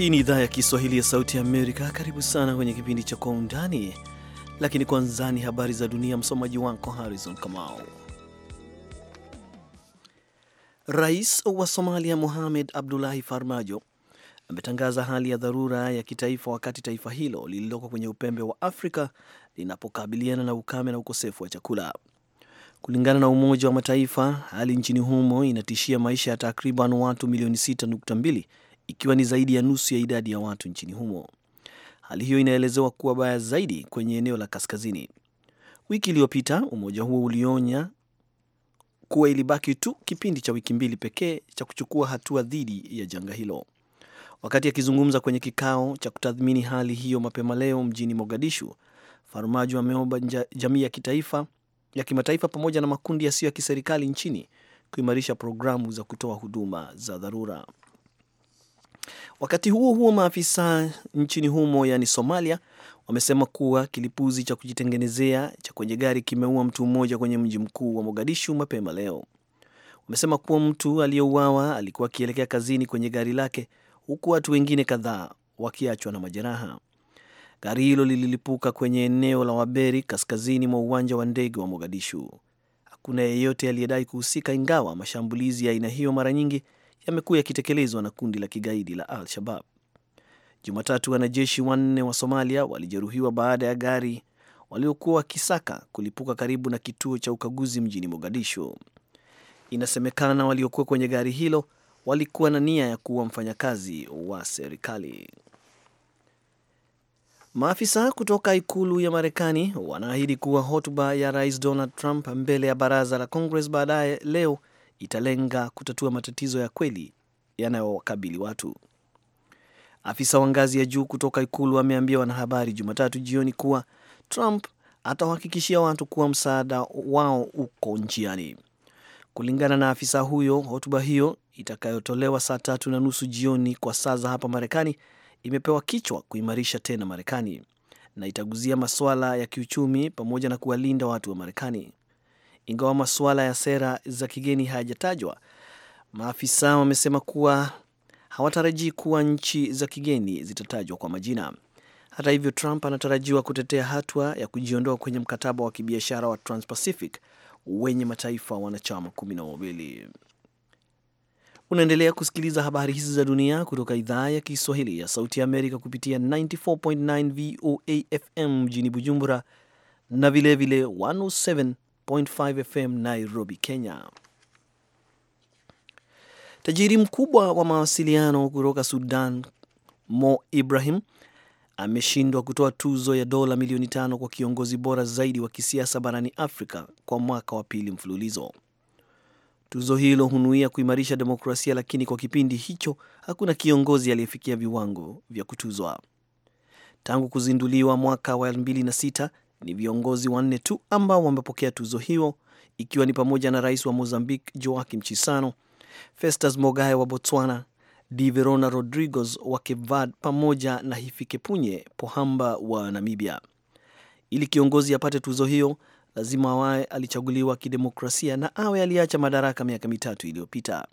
Hii ni idhaa ya Kiswahili ya Sauti ya Amerika. Karibu sana kwenye kipindi cha Kwa Undani, lakini kwanza ni habari za dunia. Msomaji wako Harrison Kamau. Rais wa Somalia Mohamed Abdullahi Farmajo ametangaza hali ya dharura ya kitaifa wakati taifa hilo lililoko kwenye upembe wa Afrika linapokabiliana na ukame na ukosefu wa chakula. Kulingana na Umoja wa Mataifa, hali nchini humo inatishia maisha ya takriban watu milioni 6.2 ikiwa ni zaidi ya nusu ya idadi ya watu nchini humo. Hali hiyo inaelezewa kuwa baya zaidi kwenye eneo la kaskazini. Wiki iliyopita umoja huo ulionya kuwa ilibaki tu kipindi cha wiki mbili pekee cha kuchukua hatua dhidi ya janga hilo. Wakati akizungumza kwenye kikao cha kutathmini hali hiyo mapema leo mjini Mogadishu, Farmajo ameomba jamii ya kitaifa ya kimataifa pamoja na makundi yasiyo ya kiserikali nchini kuimarisha programu za kutoa huduma za dharura. Wakati huo huo, maafisa nchini humo yaani Somalia wamesema kuwa kilipuzi cha kujitengenezea cha kwenye gari kimeua mtu mmoja kwenye mji mkuu wa Mogadishu mapema leo. Wamesema kuwa mtu aliyeuawa alikuwa akielekea kazini kwenye gari lake, huku watu wengine kadhaa wakiachwa na majeraha. Gari hilo lililipuka kwenye eneo la Waberi kaskazini mwa uwanja wa ndege wa Mogadishu. Hakuna yeyote aliyedai kuhusika, ingawa mashambulizi ya aina hiyo mara nyingi yamekuwa yakitekelezwa na kundi la kigaidi la Al-Shabab. Jumatatu, wanajeshi wanne wa Somalia walijeruhiwa baada ya gari waliokuwa wakisaka kulipuka karibu na kituo cha ukaguzi mjini mogadisho Inasemekana waliokuwa kwenye gari hilo walikuwa na nia ya kuua mfanyakazi wa serikali. Maafisa kutoka ikulu ya Marekani wanaahidi kuwa hotuba ya rais Donald Trump mbele ya baraza la Congress baadaye leo italenga kutatua matatizo ya kweli yanayowakabili watu. Afisa wa ngazi ya juu kutoka ikulu ameambia wanahabari Jumatatu jioni kuwa Trump atawahakikishia watu kuwa msaada wao uko njiani. Kulingana na afisa huyo, hotuba hiyo itakayotolewa saa tatu na nusu jioni kwa saa za hapa Marekani imepewa kichwa kuimarisha tena Marekani na itaguzia masuala ya kiuchumi pamoja na kuwalinda watu wa Marekani. Ingawa masuala ya sera za kigeni hayajatajwa, maafisa wamesema kuwa hawatarajii kuwa nchi za kigeni zitatajwa kwa majina. Hata hivyo, Trump anatarajiwa kutetea hatua ya kujiondoa kwenye mkataba wa kibiashara wa Transpacific wenye mataifa wanachama kumi na wawili. Unaendelea kusikiliza habari hizi za dunia kutoka idhaa ya Kiswahili ya Sauti ya Amerika kupitia 94.9 VOA FM mjini Bujumbura na vilevile 107 107.5 FM Nairobi, Kenya. Tajiri mkubwa wa mawasiliano kutoka Sudan, Mo Ibrahim, ameshindwa kutoa tuzo ya dola milioni tano kwa kiongozi bora zaidi wa kisiasa barani Afrika kwa mwaka wa pili mfululizo. Tuzo hilo hunuia kuimarisha demokrasia, lakini kwa kipindi hicho hakuna kiongozi aliyefikia viwango vya kutuzwa. Tangu kuzinduliwa mwaka wa 2006 ni viongozi wanne tu ambao wamepokea tuzo hiyo ikiwa ni pamoja na rais wa Mozambique Joaquim Chissano, Festus Mogae wa Botswana, Di Verona Rodriguez wa Cape Verde pamoja na Hifikepunye Pohamba wa Namibia. Ili kiongozi apate tuzo hiyo, lazima awe alichaguliwa kidemokrasia na awe aliacha madaraka miaka mitatu iliyopita.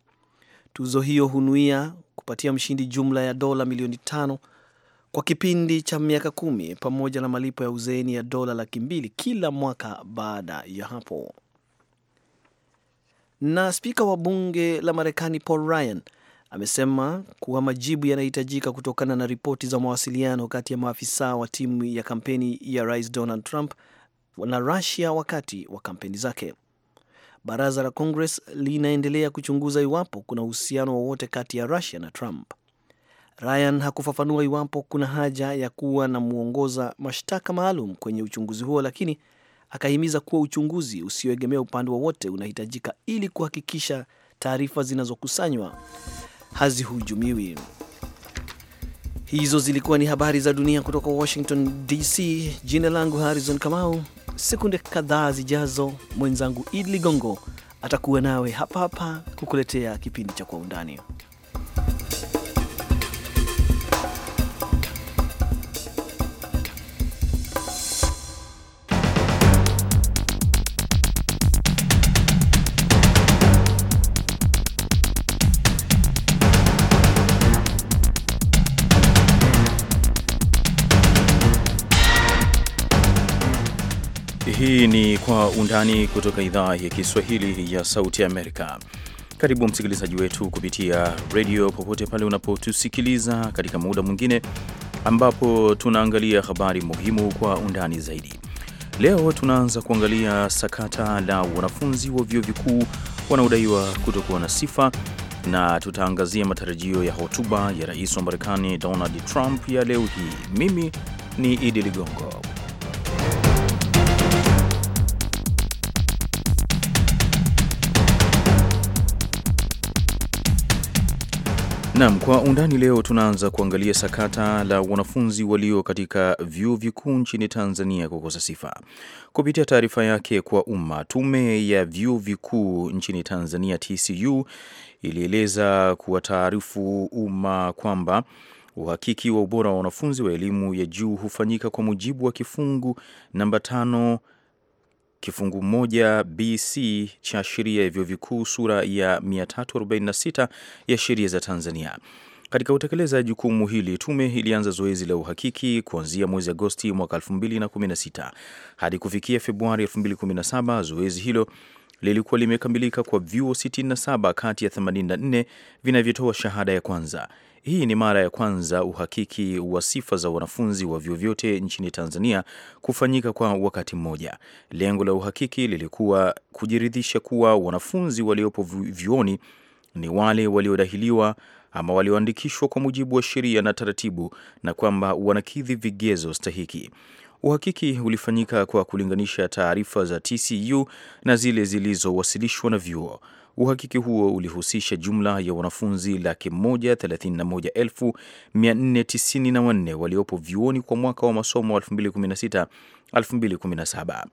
Tuzo hiyo hunuia kupatia mshindi jumla ya dola milioni tano kwa kipindi cha miaka kumi pamoja na malipo ya uzeeni ya dola laki mbili kila mwaka baada ya hapo. Na spika wa bunge la Marekani Paul Ryan amesema kuwa majibu yanahitajika kutokana na ripoti za mawasiliano kati ya maafisa wa timu ya kampeni ya Rais Donald Trump na Russia wakati wa kampeni zake. Baraza la Congress linaendelea kuchunguza iwapo kuna uhusiano wowote kati ya Russia na Trump. Ryan hakufafanua iwapo kuna haja ya kuwa na mwongoza mashtaka maalum kwenye uchunguzi huo, lakini akahimiza kuwa uchunguzi usioegemea upande wowote unahitajika ili kuhakikisha taarifa zinazokusanywa hazihujumiwi. Hizo zilikuwa ni habari za dunia kutoka Washington DC. Jina langu Harrison Kamau. Sekunde kadhaa zijazo, mwenzangu Idli gongo atakuwa nawe hapa hapa kukuletea kipindi cha Kwa Undani. Hii ni Kwa Undani kutoka idhaa ya Kiswahili ya Sauti Amerika. Karibu msikilizaji wetu kupitia redio popote pale unapotusikiliza katika muda mwingine ambapo tunaangalia habari muhimu kwa undani zaidi. Leo tunaanza kuangalia sakata la wanafunzi wa vyuo vikuu wanaodaiwa kutokuwa na sifa na tutaangazia matarajio ya hotuba ya rais wa Marekani Donald Trump ya leo hii. Mimi ni Idi Ligongo. Naam, kwa undani leo tunaanza kuangalia sakata la wanafunzi walio katika vyuo vikuu nchini Tanzania kukosa sifa. Kupitia taarifa yake kwa umma, Tume ya Vyuo Vikuu nchini Tanzania TCU ilieleza kuwa taarifu umma kwamba uhakiki wa ubora wa wanafunzi wa elimu ya juu hufanyika kwa mujibu wa kifungu namba tano kifungu moja BC cha sheria ya vyuo vikuu sura ya 346 ya sheria za Tanzania. Katika kutekeleza jukumu hili, tume ilianza zoezi la uhakiki kuanzia mwezi Agosti mwaka 2016 hadi kufikia Februari 2017. Zoezi hilo lilikuwa limekamilika kwa vyuo 67 kati ya 84 vinavyotoa shahada ya kwanza. Hii ni mara ya kwanza uhakiki wa sifa za wanafunzi wa vyuo vyote nchini Tanzania kufanyika kwa wakati mmoja. Lengo la uhakiki lilikuwa kujiridhisha kuwa wanafunzi waliopo vyuoni ni wale waliodahiliwa ama walioandikishwa kwa mujibu wa sheria na taratibu na kwamba wanakidhi vigezo stahiki. Uhakiki ulifanyika kwa kulinganisha taarifa za TCU na zile zilizowasilishwa na vyuo. Uhakiki huo ulihusisha jumla ya wanafunzi laki moja thelathini na moja elfu mia nne tisini na wanne waliopo vyuoni kwa mwaka wa masomo 2016 2017.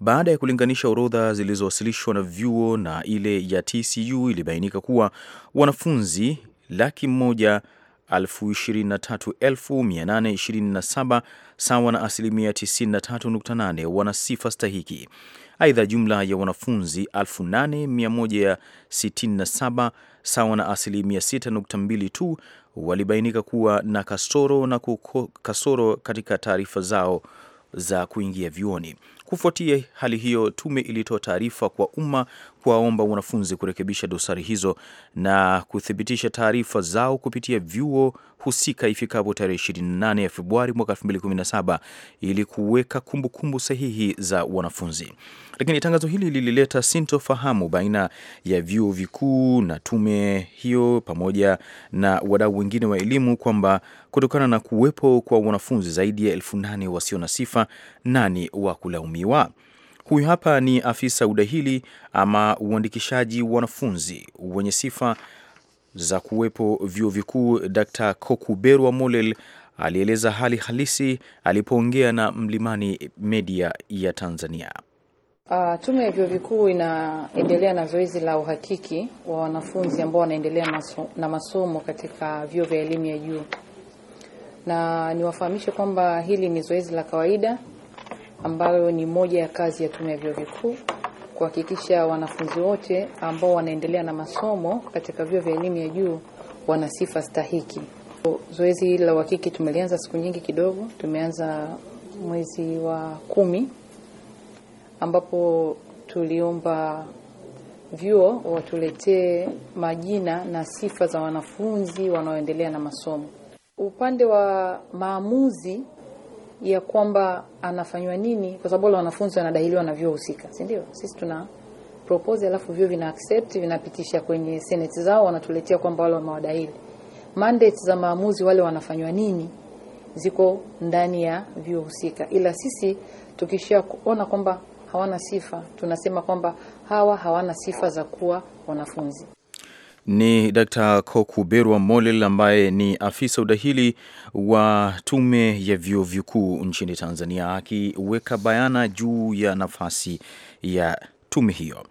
Baada ya kulinganisha orodha zilizowasilishwa na vyuo na ile ya TCU ilibainika kuwa wanafunzi laki moja 23827 sawa na asilimia 93.8 wana sifa stahiki. Aidha, jumla ya wanafunzi 8167 sawa na asilimia 6.2 tu walibainika kuwa na kasoro na kuko, kasoro katika taarifa zao za kuingia vyuoni. Kufuatia hali hiyo, tume ilitoa taarifa kwa umma kuwaomba wanafunzi kurekebisha dosari hizo na kuthibitisha taarifa zao kupitia vyuo husika ifikapo tarehe 28 ya Februari mwaka 2017 ili kuweka kumbukumbu sahihi za wanafunzi. Lakini tangazo hili lilileta sintofahamu baina ya vyuo vikuu na tume hiyo pamoja na wadau wengine wa elimu kwamba kutokana na kuwepo kwa wanafunzi zaidi ya elfu nane wasio na sifa, nani wa kulaumiwa? Huyu hapa ni afisa udahili ama uandikishaji wanafunzi wenye sifa za kuwepo vyuo vikuu. Dr. Kokuberwa Molel alieleza hali halisi alipoongea na Mlimani Media ya Tanzania. Uh, Tume ya Vyuo Vikuu inaendelea na zoezi la uhakiki wa wanafunzi ambao wanaendelea na masomo katika vyuo vya elimu ya juu, na niwafahamishe kwamba hili ni zoezi la kawaida ambayo ni moja ya kazi ya Tume ya Vyuo Vikuu kuhakikisha wanafunzi wote ambao wanaendelea na masomo katika vyuo vya elimu ya juu wana sifa stahiki. Zoezi hili la uhakiki tumelianza siku nyingi kidogo, tumeanza mwezi wa kumi ambapo tuliomba vyuo watuletee majina na sifa za wanafunzi wanaoendelea na masomo. Upande wa maamuzi ya kwamba anafanywa nini, kwa sababu wale wanafunzi wanadahiliwa na vyuo husika, si ndio? Sisi tuna propose, alafu vyuo vina accept, vinapitisha kwenye senate zao, wanatuletea kwamba wale wamewadahili. Mandate za maamuzi wale wanafanywa nini ziko ndani ya vyuo husika, ila sisi tukishaona kwamba hawana sifa, tunasema kwamba hawa hawana sifa za kuwa wanafunzi ni Dkt. Berwa Molel ambaye ni afisa udahili wa tume ya vyuo vikuu nchini Tanzania, akiweka bayana juu ya nafasi ya tume hiyo.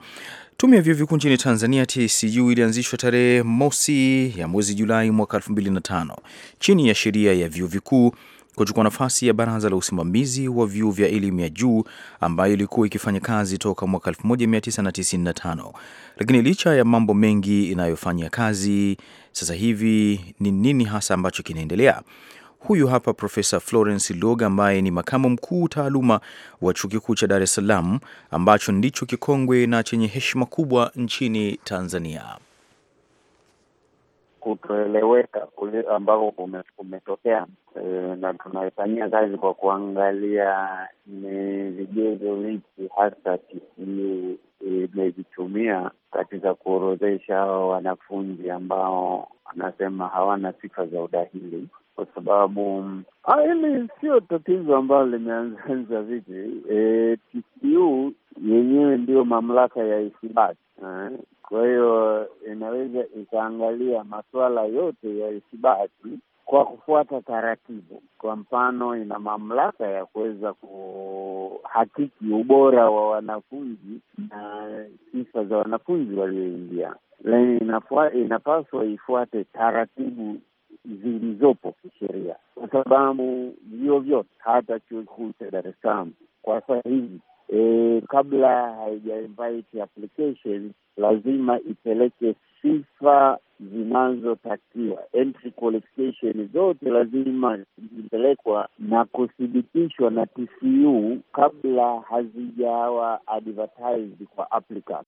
Tume ya vyuo vikuu nchini Tanzania, TCU, ilianzishwa tarehe mosi ya mwezi Julai mwaka 2005 chini ya sheria ya vyuo vikuu kuchukua nafasi ya baraza la usimamizi wa vyuo vya elimu ya juu ambayo ilikuwa ikifanya kazi toka mwaka 1995. Lakini licha ya mambo mengi inayofanya kazi sasa hivi, ni nini hasa ambacho kinaendelea? Huyu hapa Profesa Florence Luoga ambaye ni makamu mkuu taaluma wa chuo kikuu cha Dar es Salaam ambacho ndicho kikongwe na chenye heshima kubwa nchini Tanzania kutoeleweka kule ambako kumetokea e, na tunaifanyia kazi kwa kuangalia ni vigezo vipi hasa TCU imevitumia katika kuorodhesha hao wanafunzi ambao anasema hawana sifa za udahili kwa sababu ah, hili sio tatizo ambalo limeanza vipi. E, eh, TCU yenyewe ndiyo mamlaka ya ithibati eh? Kwa hiyo inaweza ikaangalia masuala yote ya ithibati kwa kufuata taratibu. Kwa mfano, ina mamlaka ya kuweza kuhakiki ubora wa wanafunzi na sifa za wanafunzi walioingia, lakini inapaswa ifuate taratibu zilizopo kisheria, kwa sababu vio vyote hata chuo kikuu cha Dar es Salaam kwa sasa hivi e, kabla haijainvite application lazima ipeleke sifa zinazotakiwa entry qualification zote lazima zipelekwa na kuthibitishwa na TCU kabla hazijawa advertised kwa applicant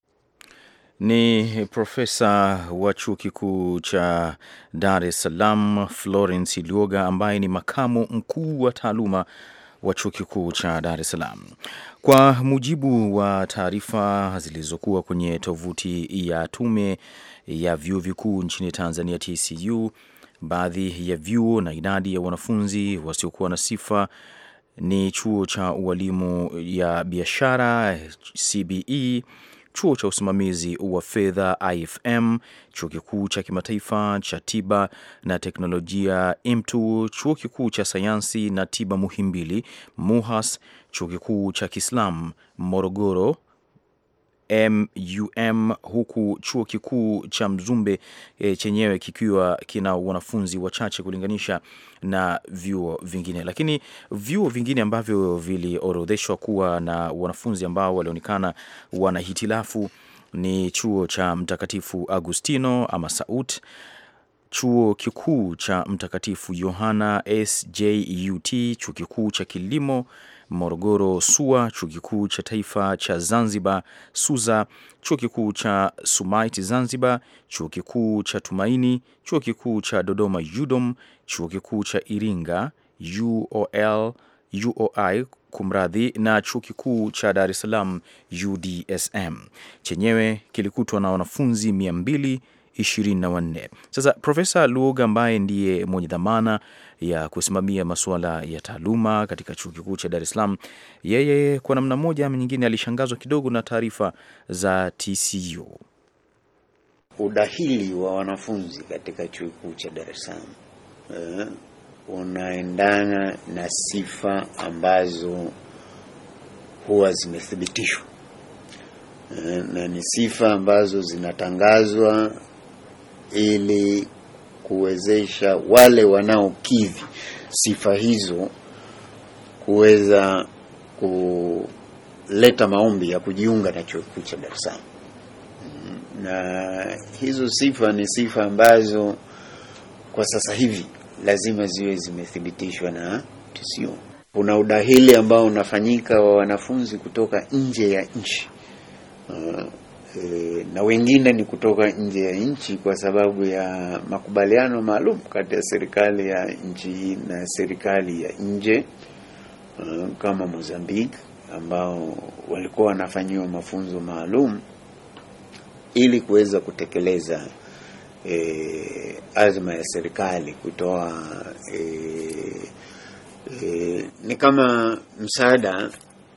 ni profesa wa chuo kikuu cha Dar es Salaam Florence Iluoga, ambaye ni makamu mkuu wa taaluma wa chuo kikuu cha Dar es Salaam. Kwa mujibu wa taarifa zilizokuwa kwenye tovuti ya Tume ya Vyuo Vikuu nchini Tanzania, TCU, baadhi ya vyuo na idadi ya wanafunzi wasiokuwa na sifa ni chuo cha ualimu ya biashara CBE chuo cha usimamizi wa fedha IFM, chuo kikuu cha kimataifa cha tiba na teknolojia IMTU, chuo kikuu cha sayansi na tiba Muhimbili MUHAS, chuo kikuu cha Kiislam Morogoro MUM, huku chuo kikuu cha Mzumbe e, chenyewe kikiwa kina wanafunzi wachache kulinganisha na vyuo vingine. Lakini vyuo vingine ambavyo viliorodheshwa kuwa na wanafunzi ambao walionekana wana hitilafu ni chuo cha Mtakatifu Agustino ama Saut, chuo kikuu cha Mtakatifu Yohana SJUT, chuo kikuu cha kilimo Morogoro SUA, Chuo Kikuu cha Taifa cha Zanzibar SUZA, Chuo Kikuu cha Sumaiti Zanzibar, Chuo Kikuu cha Tumaini, Chuo Kikuu cha Dodoma UDOM, Chuo Kikuu cha Iringa UOL, UOI kumradhi, na Chuo Kikuu cha Dar es Salaam UDSM. Chenyewe kilikutwa na wanafunzi 200 24. Sasa Profesa Luoga ambaye ndiye mwenye dhamana ya kusimamia masuala ya taaluma katika Chuo Kikuu cha Dar es Salaam, yeye kwa namna moja ama nyingine alishangazwa kidogo na taarifa za TCU. Udahili wa wanafunzi katika Chuo Kikuu cha Dar es Salaam eh, unaendana na sifa ambazo huwa zimethibitishwa eh, na ni sifa ambazo zinatangazwa ili kuwezesha wale wanaokidhi sifa hizo kuweza kuleta maombi ya kujiunga na chuo kikuu cha Dar es Salaam. Na hizo sifa ni sifa ambazo kwa sasa hivi lazima ziwe zimethibitishwa na TCU. Kuna udahili ambao unafanyika wa wanafunzi kutoka nje ya nchi uh, e, na wengine ni kutoka nje ya nchi kwa sababu ya makubaliano maalum kati ya serikali ya nchi hii na serikali ya nje e, kama Mozambique ambao walikuwa wanafanyiwa mafunzo maalum ili kuweza kutekeleza e, azma ya serikali kutoa e, e, ni kama msaada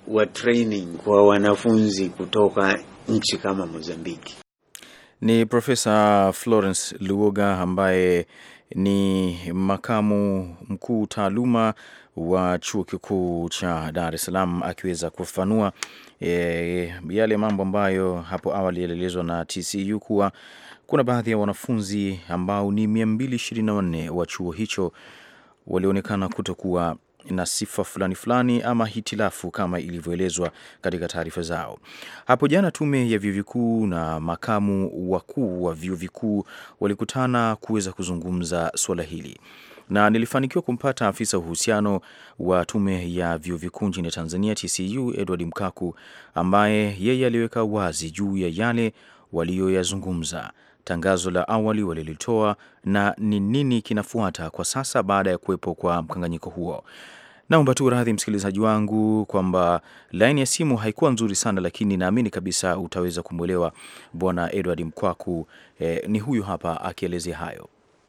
wa training kwa wanafunzi kutoka nchi kama Mozambiki. Ni Profesa Florence Luoga ambaye ni makamu mkuu taaluma wa chuo kikuu cha Dar es Salaam akiweza kufafanua e, yale mambo ambayo hapo awali yalielezwa na TCU kuwa kuna baadhi ya wanafunzi ambao ni 224 wa chuo hicho walionekana kutokuwa na sifa fulani fulani ama hitilafu kama ilivyoelezwa katika taarifa zao. Hapo jana tume ya vyuo vikuu na makamu wakuu wa vyuo vikuu walikutana kuweza kuzungumza suala hili na nilifanikiwa kumpata afisa uhusiano wa tume ya vyuo vikuu nchini Tanzania TCU Edward Mkaku ambaye yeye aliweka wazi juu ya yale waliyoyazungumza tangazo la awali walilitoa na ni nini kinafuata kwa sasa baada ya kuwepo kwa mkanganyiko huo. Naomba tu radhi msikilizaji wangu kwamba laini ya simu haikuwa nzuri sana, lakini naamini kabisa utaweza kumwelewa Bwana Edward Mkwaku. Eh, ni huyu hapa akielezea hayo.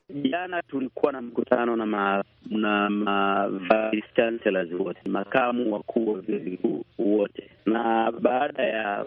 Jana tulikuwa na mkutano na ma, na ma vice chancellors wote, makamu wakuu wa vyuo vikuu wote, na baada ya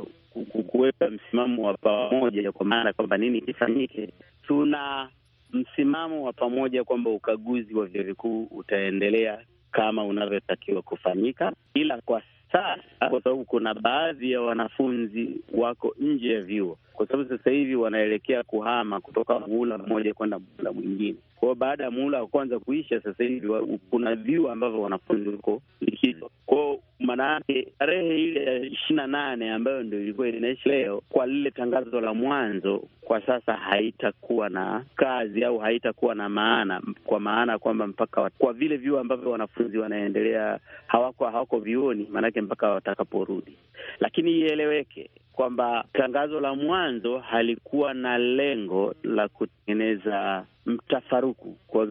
kuweka msimamo wa pamoja, kwa maana kwamba nini kifanyike, tuna msimamo wa pamoja kwamba ukaguzi wa vyuo vikuu utaendelea kama unavyotakiwa kufanyika, ila kwa sasa, kwa sababu kuna baadhi ya wanafunzi wako nje ya vyuo kwa sababu sasa hivi wanaelekea kuhama kutoka muhula mmoja kwenda muhula mwingine. Kwao baada ya muhula wa kwanza kuisha, sasa hivi kuna vyuo ambavyo wanafunzi huko likizo kwao. Maana yake tarehe ile ya ishirini na nane ambayo ndio ilikuwa inaishi leo kwa lile tangazo la mwanzo, kwa sasa haitakuwa na kazi au haitakuwa na maana, kwa maana kwamba mpaka wat... kwa vile vyuo ambavyo wanafunzi wanaendelea hawako hawako vyuoni, maanake mpaka watakaporudi. Lakini ieleweke kwamba tangazo la mwanzo halikuwa na lengo la kutengeneza mtafaruku kwa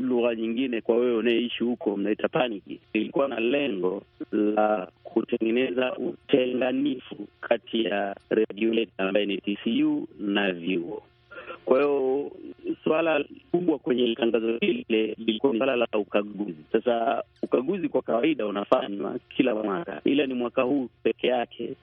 lugha nyingine, kwa wewe unayeishi huko mnaita paniki. Ilikuwa na lengo la kutengeneza utenganifu kati ya regulator ambaye ni TCU na vyuo. Kwa hiyo suala kubwa kwenye tangazo lile lilikuwa ni suala la ukaguzi. Sasa ukaguzi kwa kawaida unafanywa kila mwaka, ila ni mwaka huu peke yake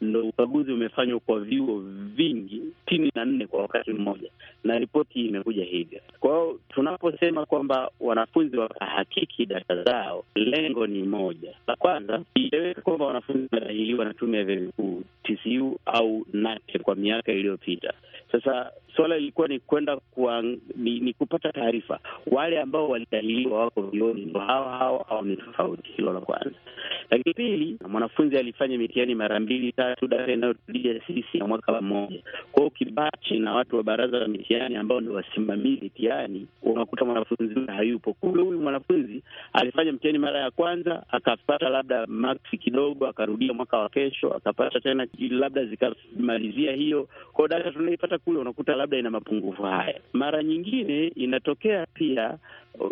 ndo ukaguzi umefanywa kwa vyuo vingi sitini na nne kwa wakati mmoja, na ripoti hii imekuja hivyo. Kwa hiyo tunaposema kwamba wanafunzi wakahakiki data zao, lengo ni moja. La kwanza ieleweke kwamba wanafunzi wamesajiliwa na tume ya vyuo vikuu TCU au NACTE kwa miaka iliyopita. Sasa suala lilikuwa ni kwenda ni, ni kupata taarifa wale ambao walidahiliwa wako vioni ndo hawa hawa au ni tofauti. Hilo la kwanza, lakini pili, mwanafunzi alifanya mitihani mara mbili tatu data inayotulia sisi ya mwaka mmoja. Kwa hiyo ukibachi na watu wa baraza la mitihani ambao ni wasimamii mitihani, unakuta mwanafunzi huyu hayupo. Kumbe huyu mwanafunzi alifanya mtihani mara ya kwanza akapata labda maksi kidogo, akarudia mwaka wa kesho akapata tena labda zikamalizia hiyo. Kwa hiyo data tunaipata kule, unakuta labda ina mapungufu haya. Mara nyingine inatokea pia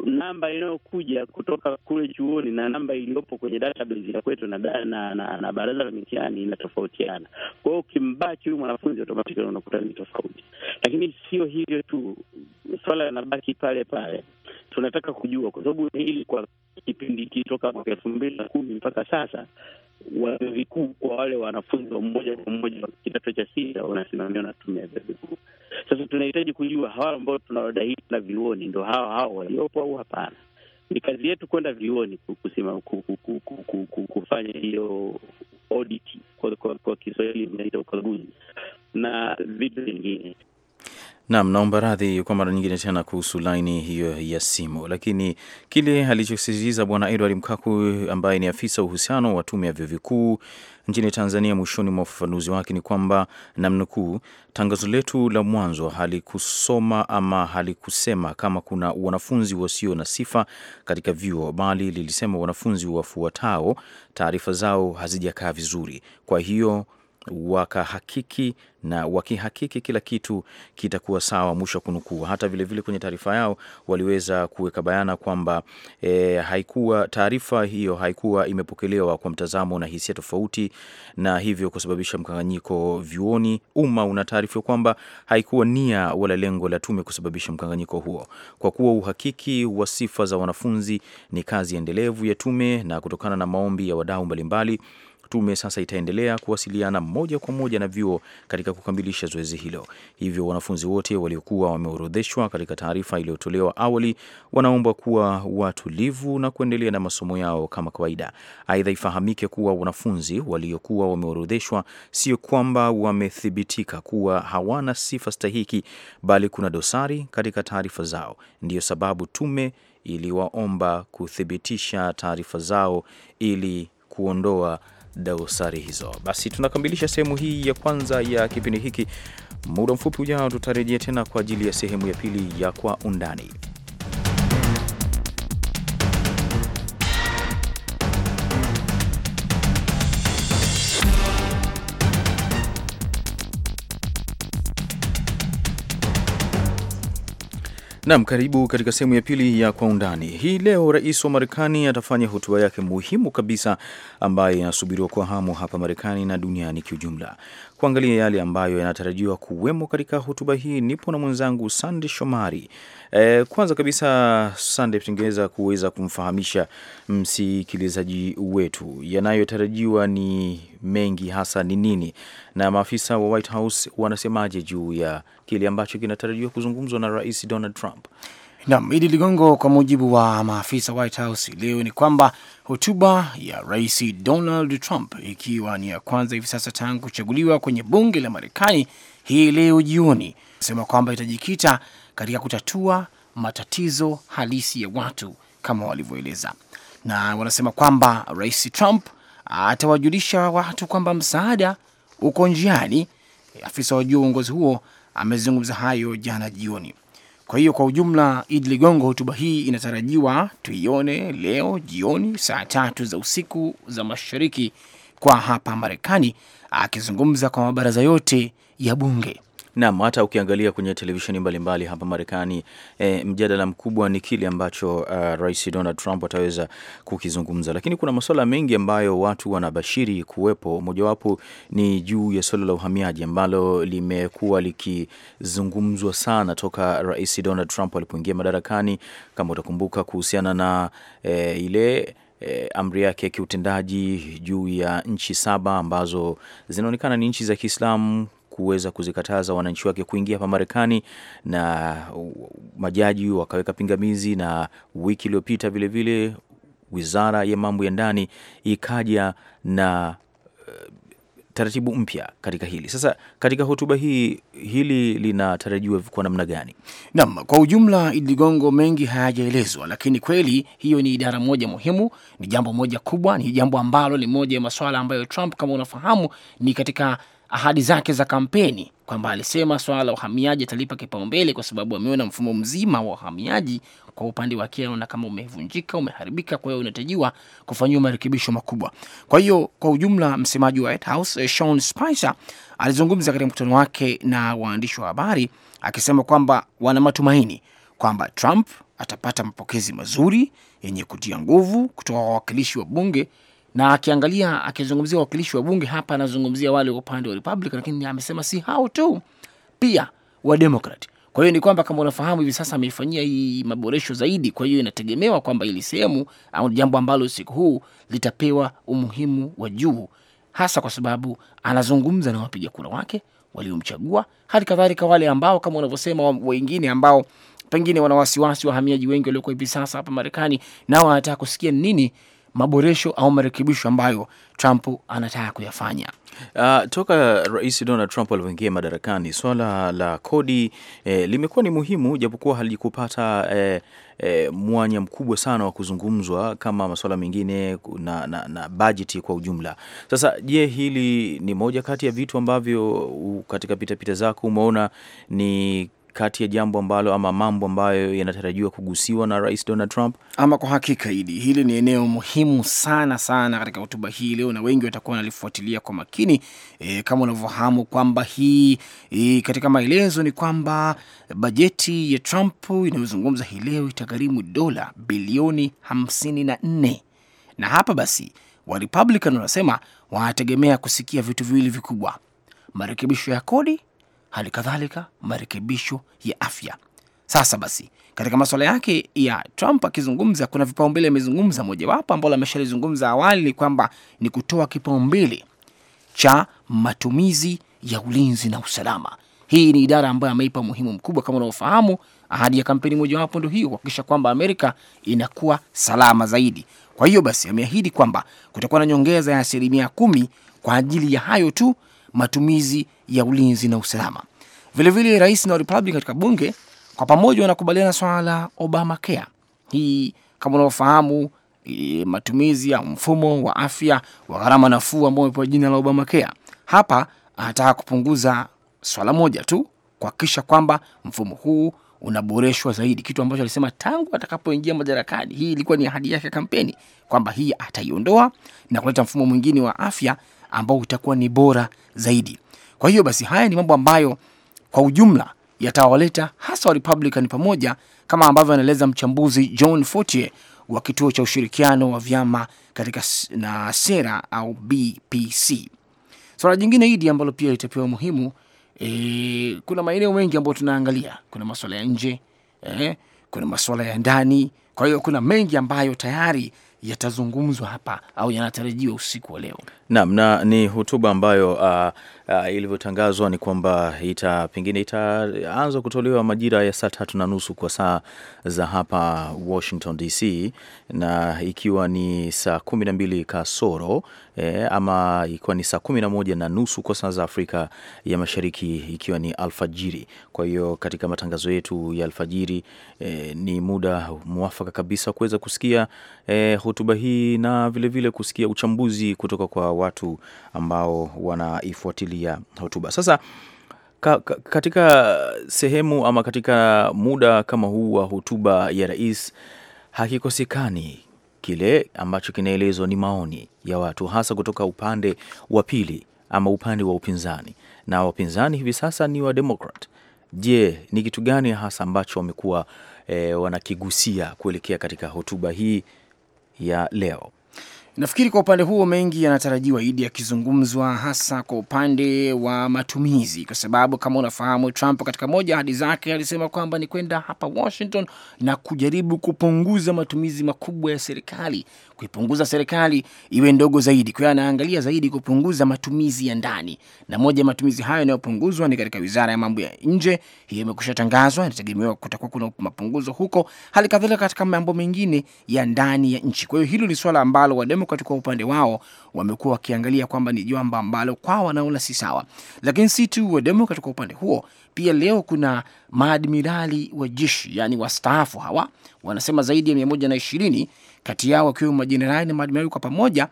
namba inayokuja kutoka kule chuoni na namba iliyopo kwenye database ya kwetu na, na, na, na baraza la mitihani inatofautiana. Kwa hiyo ukimbachi huyu mwanafunzi automatikali unakuta ni tofauti, lakini sio hivyo tu, swala linabaki pale pale tunataka kujua, kwa sababu hili kwa kipindi kitoka mwaka elfu mbili na kumi mpaka sasa vyuo vikuu kwa wale wanafunzi wa mmoja kwa mmoja wa kidato cha sita wanasimamiwa na tume ya vyuo vikuu. Sasa tunahitaji kujua hawa ambao tunawadai na viuoni ndo hawa hawa waliopo au hapana? Ni kazi yetu kwenda vioni kusima kufanya hiyo audit, kwa, kwa, kwa Kiswahili inaita ukaguzi na vitu vingine Naam, naomba radhi kwa mara nyingine tena kuhusu laini hiyo ya simu, lakini kile alichosisitiza Bwana Edward Mkaku ambaye ni afisa uhusiano wa tume ya vyuo vikuu nchini Tanzania mwishoni mwa ufafanuzi wake ni kwamba namnukuu, tangazo letu la mwanzo halikusoma ama halikusema kama kuna wanafunzi wasio na sifa katika vyuo, bali lilisema wanafunzi wafuatao taarifa zao hazijakaa vizuri, kwa hiyo wakahakiki na wakihakiki kila kitu kitakuwa sawa, mwisho wa kunukuu. Hata vilevile vile kwenye taarifa yao waliweza kuweka bayana kwamba e, haikuwa taarifa hiyo haikuwa imepokelewa kwa mtazamo na hisia tofauti, na hivyo kusababisha mkanganyiko vyuoni. Umma una taarifa kwamba haikuwa nia wala lengo la tume kusababisha mkanganyiko huo, kwa kuwa uhakiki wa sifa za wanafunzi ni kazi endelevu ya tume, na kutokana na maombi ya wadau mbalimbali Tume sasa itaendelea kuwasiliana moja kwa moja na vyuo katika kukamilisha zoezi hilo. Hivyo wanafunzi wote waliokuwa wameorodheshwa katika taarifa iliyotolewa awali wanaomba kuwa watulivu na kuendelea na masomo yao kama kawaida. Aidha, ifahamike kuwa wanafunzi waliokuwa wameorodheshwa sio kwamba wamethibitika kuwa hawana sifa stahiki, bali kuna dosari katika taarifa zao. Ndiyo sababu tume iliwaomba kuthibitisha taarifa zao ili kuondoa dosari hizo. Basi tunakamilisha sehemu hii ya kwanza ya kipindi hiki. Muda mfupi ujao, tutarejea tena kwa ajili ya sehemu ya pili ya Kwa Undani. Nam, karibu katika sehemu ya pili ya kwa undani hii leo. Rais wa Marekani atafanya hotuba yake muhimu kabisa ambaye inasubiriwa kwa hamu hapa Marekani na duniani kiujumla kuangalia yale ambayo yanatarajiwa kuwemo katika hotuba hii. Nipo na mwenzangu Sande Shomari. E, kwanza kabisa Sande, tungeweza kuweza kumfahamisha msikilizaji wetu yanayotarajiwa ni mengi, hasa ni nini na maafisa wa White House wanasemaje juu ya kile ambacho kinatarajiwa kuzungumzwa na Rais Donald Trump? Naam, Idi Ligongo, kwa mujibu wa maafisa White House leo ni kwamba hotuba ya Rais Donald Trump ikiwa ni ya kwanza hivi sasa tangu kuchaguliwa kwenye bunge la Marekani hii leo jioni, sema kwamba itajikita katika kutatua matatizo halisi ya watu kama walivyoeleza, na wanasema kwamba Rais Trump atawajulisha watu kwamba msaada uko njiani. Afisa wa juu wa uongozi huo amezungumza hayo jana jioni. Kwa hiyo kwa ujumla, Idi Ligongo, hotuba hii inatarajiwa tuione leo jioni saa tatu za usiku za mashariki kwa hapa Marekani, akizungumza kwa mabaraza yote ya bunge. Naam, hata ukiangalia kwenye televisheni mbalimbali hapa Marekani e, mjadala mkubwa ni kile ambacho uh, Rais Donald Trump ataweza kukizungumza, lakini kuna masuala mengi ambayo watu wanabashiri kuwepo. Mojawapo ni juu ya suala la uhamiaji ambalo limekuwa likizungumzwa sana toka Rais Donald Trump alipoingia madarakani, kama utakumbuka, kuhusiana na e, ile E, amri yake ya kiutendaji juu ya nchi saba ambazo zinaonekana ni nchi za Kiislamu kuweza kuzikataza wananchi wake kuingia hapa Marekani, na majaji wakaweka pingamizi, na wiki iliyopita vilevile wizara ya mambo ya ndani ikaja na eh, taratibu mpya katika hili. Sasa katika hotuba hii, hili linatarajiwa kwa namna gani? Naam, kwa ujumla ligongo mengi hayajaelezwa, lakini kweli hiyo ni idara moja muhimu, ni jambo moja kubwa, ni jambo ambalo ni moja ya masuala ambayo Trump kama unafahamu ni katika ahadi zake za kampeni kwamba alisema swala la uhamiaji atalipa kipaumbele kwa sababu ameona mfumo mzima wa uhamiaji kwa upande wake anaona kama umevunjika, umeharibika, kwa hiyo unatajiwa kufanyiwa marekebisho makubwa. Kwa hiyo kwa ujumla, msemaji wa White House eh, Sean Spicer alizungumza katika mkutano wake na waandishi wa habari akisema kwamba wana matumaini kwamba Trump atapata mapokezi mazuri yenye kutia nguvu kutoka kwa wawakilishi wa bunge na akiangalia, akizungumzia wawakilishi wa bunge hapa, anazungumzia wale wa upande wa Republican, lakini amesema si hao tu, pia wa Democrat. Kwa hiyo ni kwamba kama unafahamu hivi sasa ameifanyia hii maboresho zaidi, kwa hiyo inategemewa kwamba ili sehemu au jambo ambalo usiku huu litapewa umuhimu wa juu, hasa kwa sababu anazungumza na wapiga kura wake waliomchagua, hali kadhalika wale ambao kama unavyosema wengine ambao pengine wana wasiwasi, wahamiaji wengi walioko hivi sasa hapa Marekani, nao wanataka kusikia nini maboresho au marekebisho ambayo Trump anataka kuyafanya. Uh, toka Rais Donald Trump alivyoingia madarakani swala la kodi eh, limekuwa ni muhimu japokuwa halikupata eh, eh, mwanya mkubwa sana wa kuzungumzwa kama masuala mengine na, na, na bajeti kwa ujumla. Sasa je, hili ni moja kati ya vitu ambavyo katika pitapita zako umeona ni kati ya jambo ambalo ama mambo ambayo yanatarajiwa kugusiwa na Rais Donald Trump? Ama kwa hakika, Idi, hili ni eneo muhimu sana sana katika hotuba hii leo, na wengi watakuwa wanalifuatilia kwa makini e, kama unavyofahamu kwamba hii e, katika maelezo ni kwamba bajeti ya Trump inayozungumza hii leo itagharimu dola bilioni 54 na hapa basi Warepublican wanasema wanategemea kusikia vitu viwili vikubwa, marekebisho ya kodi hali kadhalika marekebisho ya afya. Sasa basi, katika masuala yake ya Trump akizungumza, kuna vipaumbele amezungumza. Mojawapo ambalo ameshalizungumza awali ni kwamba ni kutoa kipaumbele cha matumizi ya ulinzi na usalama. Hii ni idara ambayo ameipa umuhimu mkubwa. Kama unavyofahamu, ahadi ya kampeni mojawapo ndo hiyo, kuhakikisha kwamba Amerika inakuwa salama zaidi. Kwa hiyo basi, ameahidi kwamba kutakuwa na nyongeza ya asilimia kumi kwa ajili ya hayo tu matumizi ya ulinzi na usalama. Vilevile vile, rais na Republican katika bunge kwa pamoja wanakubaliana swala la Obamacare. Hii kama unavyofahamu matumizi ya mfumo wa afya wa gharama nafuu ambao umepewa jina la Obamacare. Hapa anataka kupunguza swala moja tu, kuhakikisha kwamba mfumo huu unaboreshwa zaidi, kitu ambacho alisema tangu atakapoingia madarakani. Hii ilikuwa ni ahadi yake ya kampeni kwamba hii ataiondoa na kuleta mfumo mwingine wa afya ambao utakuwa ni bora zaidi. Kwa hiyo basi haya ni mambo ambayo kwa ujumla yatawaleta hasa wa Republican pamoja, kama ambavyo anaeleza mchambuzi John Fortier wa kituo cha ushirikiano wa vyama katika na sera au BPC. Swala so, jingine hili ambalo pia litapewa muhimu e, kuna maeneo mengi ambayo tunaangalia, kuna masuala ya nje e, kuna masuala ya ndani. Kwa hiyo kuna mengi ambayo tayari yatazungumzwa hapa au yanatarajiwa usiku wa leo. Naam, na ni hotuba ambayo uh, uh, ilivyotangazwa ni kwamba ita, pengine itaanza kutolewa majira ya saa tatu na nusu kwa saa za hapa Washington DC, na ikiwa ni saa kumi na mbili kasoro eh, ama ikiwa ni saa kumi na moja na nusu kwa saa za Afrika ya Mashariki, ikiwa ni alfajiri. Kwa hiyo katika matangazo yetu ya alfajiri eh, ni muda mwafaka kabisa kuweza kusikia eh, hotuba hii na vilevile vile kusikia uchambuzi kutoka kwa watu ambao wanaifuatilia ya hotuba. Sasa ka, ka, katika sehemu ama katika muda kama huu wa hotuba ya rais hakikosekani kile ambacho kinaelezwa ni maoni ya watu, hasa kutoka upande wa pili ama upande wa upinzani, na wapinzani hivi sasa ni wa Democrat. Je, ni kitu gani hasa ambacho wamekuwa e, wanakigusia kuelekea katika hotuba hii ya leo? Nafikiri kwa upande huo mengi yanatarajiwa idi yakizungumzwa, hasa kwa upande wa matumizi, kwa sababu kama unafahamu, Trump katika moja ahadi zake alisema kwamba ni kwenda hapa Washington na kujaribu kupunguza matumizi makubwa ya serikali, kuipunguza serikali iwe ndogo zaidi. Kwa hiyo anaangalia zaidi kupunguza matumizi ya ndani, na moja ya matumizi hayo yanayopunguzwa ni katika wizara ya mambo ya nje. Hiyo imekusha tangazwa, inategemewa kutakuwa kuna mapunguzo huko, hali kadhalika katika mambo mengine ya ndani ya nchi. Kwa hiyo hilo ni swala ambalo Wademokrat kwa upande wao wamekuwa wakiangalia kwamba ni jambo ambalo kwao wanaona si sawa, lakini si tu Wademokrat kwa upande huo, pia leo kuna maadmirali wa jeshi, yani wastaafu hawa wanasema zaidi ya mia moja na ishirini kati yao wakiwemo majenerali na maadmirali, kwa pamoja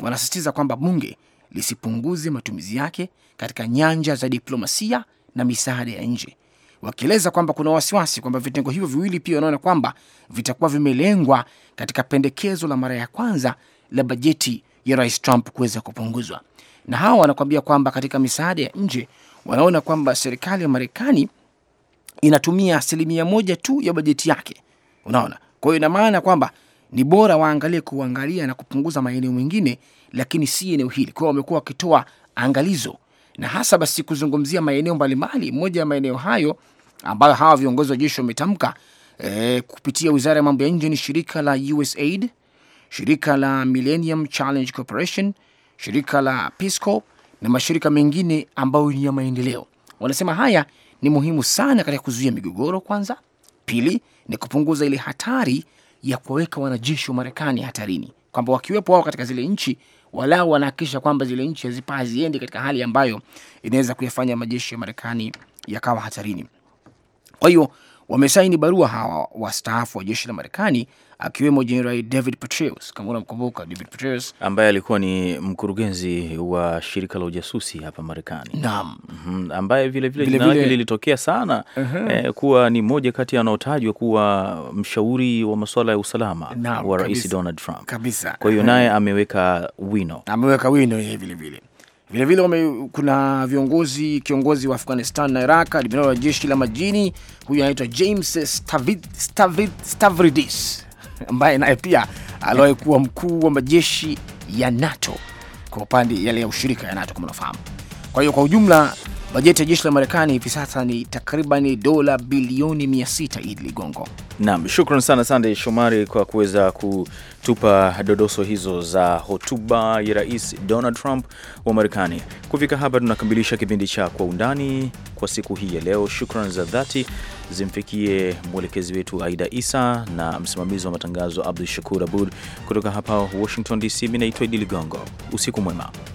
wanasisitiza kwamba bunge lisipunguze matumizi yake katika nyanja za diplomasia na misaada ya nje, wakieleza kwamba kuna wasiwasi kwamba vitengo hivyo viwili pia wanaona kwamba vitakuwa vimelengwa katika pendekezo la mara ya kwanza la bajeti ya Rais Trump kuweza kupunguzwa. Na hawa wanakuambia kwamba katika misaada ya nje wanaona kwamba serikali ya Marekani inatumia asilimia moja tu ya bajeti yake, unaona. Kwa hiyo ina maana kwamba ni bora waangalie kuangalia na kupunguza maeneo mengine, lakini si eneo hili. Kwa hiyo wamekuwa wakitoa angalizo na hasa basi kuzungumzia maeneo mbalimbali. Moja ya maeneo hayo ambayo hawa viongozi wa jeshi wametamka e, kupitia wizara ya mambo ya nje ni shirika la USAID shirika la Millennium Challenge Corporation, shirika la Peace Corps na mashirika mengine ambayo ni ya maendeleo. Wanasema haya ni muhimu sana katika kuzuia migogoro kwanza, pili ni kupunguza ile hatari ya kuwaweka wanajeshi wa Marekani hatarini, kwamba wakiwepo wao katika zile nchi walau wanahakikisha kwamba zile nchi haziendi katika hali ambayo inaweza kuyafanya majeshi ya Marekani yakawa hatarini. Kwa hiyo wamesaini barua hawa wastaafu wa jeshi la Marekani akiwemo Jenerali David Petraeus, kama unamkumbuka David Petraeus ambaye alikuwa ni mkurugenzi wa shirika la ujasusi hapa Marekani. Naam. Mm -hmm. ambaye vilevile jina lake lilitokea sana uh -huh. eh, kuwa ni moja kati ya wanaotajwa kuwa mshauri wa masuala ya usalama Naam, wa Rais Donald Trump kabisa. Kwa hiyo naye ameweka wino, ameweka wino yeye vilevile vilevile wame, kuna viongozi kiongozi wa Afghanistan na Iraq, admiral wa jeshi la majini, huyu anaitwa James Stavridis ambaye naye pia aliwahi kuwa mkuu wa majeshi ya NATO kwa upande yale ya ushirika ya NATO kama unafahamu. Kwa hiyo kwa ujumla Bajeti ya jeshi la Marekani hivi sasa ni takriban dola bilioni 600. Idi Ligongo. Naam, shukran sana Sandey Shomari kwa kuweza kutupa dodoso hizo za hotuba ya Rais Donald Trump wa Marekani. Kufika hapa, tunakamilisha kipindi cha Kwa Undani kwa siku hii ya leo. Shukran za dhati zimfikie mwelekezi wetu Aida Isa na msimamizi wa matangazo Abdu Shakur Abud. Kutoka hapa Washington DC, mi naitwa Idi Ligongo. Usiku mwema.